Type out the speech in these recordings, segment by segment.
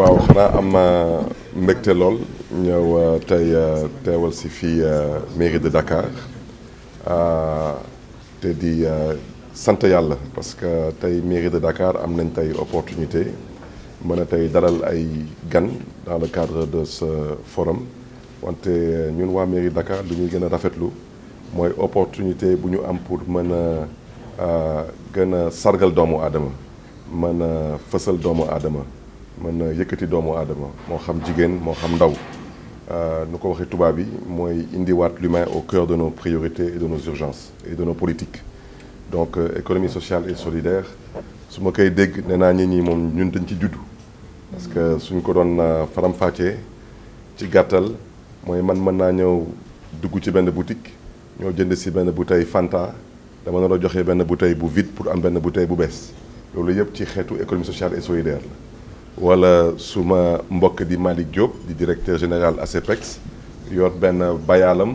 waaw xanaa am mbégte lool ñëw euh, tey euh, teewal si fii euh, mairie de Dakar te di sant yàlla parce que tey mairie de Dakar am nañ tey opportunité mën a tey dalal ay gan dans le cadre de ce forum wante ñun waa mairie Dakar lu ñuy gën a rafetlu mooy opportunité bu ñu am pour mën a gën a sargal doomu aadama mën a fësal doomu aadama man na doomu aadama moo xam jigéen moo xam ndaw euh, nu ko waxee tubaab yi mooy indiwaat l'humain au cœur de nos priorités et de nos urgences et de nos politiques donc euh, économie sociale et solidaire su ma koy dégg nee naa ñi moom ñun dañ ci juddu parce que suñ ko doon euh, faram-fàccee ci gàttal mooy man mën naa ñëw dugg ci benn boutique ñoo jënd si benn bouteille Fanta dama nar a joxe benn bouteille bu vide pour am benn bouteille bu bees loolu yëpp ci xeetu économie sociale et solidaire la wala suma mbok di Malick Diop di directeur général ACPEX, yor ben Bayalam,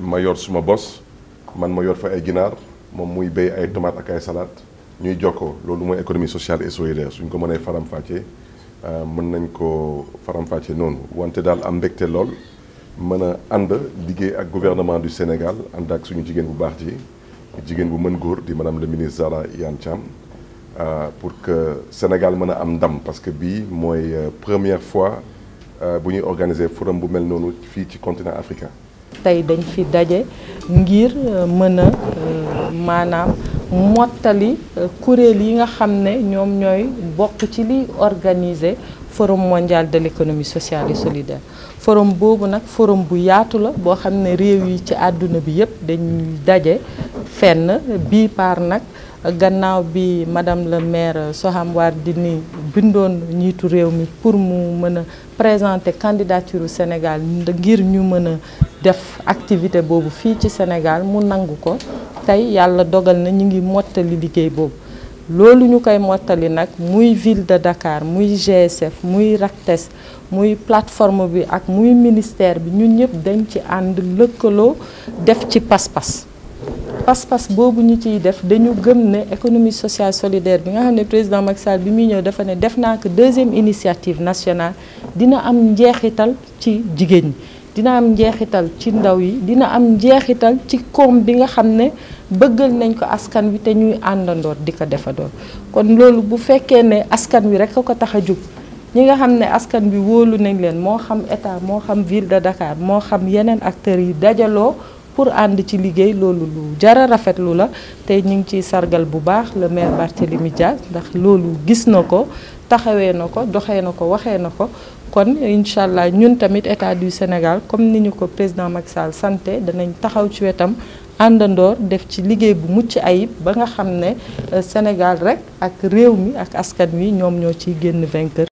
ma yor suma boss. man ma yor fa ay ginar mom muy béy ay tomate ak ay salade ñuy joko lolu moy économie sociale et solidaire suñ ko mëne faram faté euh, mën nañ ko faram faté non wante dal am mbégte lool mëna and liggé ak gouvernement du Sénégal andak ak suñu jigen bu baax ji bu mën goor di madame le ministre Zara Iyane Euh, pour que Sénégal mën a am ndam parce que bii mooy euh, première fois euh, bu ñuy organiser forum bu mel noonu fii ci continent africain. tey dañ fi daje ngir mën a maanaam mottali kuréel yi nga xam ne ñoom ñooy bokk ci liy organiser forum mondial de l'économie sociale et solidaire forum boobu nag forum bu yaatu la boo xam ne réew yi ci àdduna bi yépp dañuy daje fenn bii par nag. gannaaw bi madame le maire Soham Wardini bindoon njiitu réew mi pour mu mën a présenter candidature u Sénégal ngir ñu mën a def activité boobu fii ci Sénégal mu nangu ko tey yàlla dogal na ñu ngi mottali liggéey boobu loolu ñu koy mottali nag muy ville de Dakar muy GSF muy RACTES muy plateforme bi ak muy ministère bi ñu ñëpp dañ ci ànd lëkkaloo def ci pas-pas pas-pas boobu ñu ciy def dañu gëm ne économie sociale solidaire bi nga xam ne président Macky Sall bi muy ñëw dafa ne def naa ko deuxième initiative nationale dina am njeexital ci jigéen ñi dina am njeexital ci ndaw yi dina am njeexital ci koom bi nga xam ne bëggal nañ ko askan wi te ñuy àndandoot di ko defadoon kon loolu bu fekkee ne askan wi rek a ko tax a jóg ñi nga xam ne askan bi wóolu nañ leen moo xam état moo xam ville de Dakar moo xam yeneen acteurs yi dajaloo pour ànd ci liggéey loolu lu jara rafetlu la tey ñu ngi ciy sargal bu baax le maire Barthélémy Dias ndax loolu gis na ko taxawee na ko doxee na ko waxee na ko kon incha allah ñun tamit état du Sénégal comme ni ñu ko président Macky Sall santé danañ taxaw ci wetam àndandoor def ci liggéey bu mucc ayib ba nga xam ne euh, Sénégal rek ak réew mi ak askan wi ñoom ñoo ciy génn vainqueur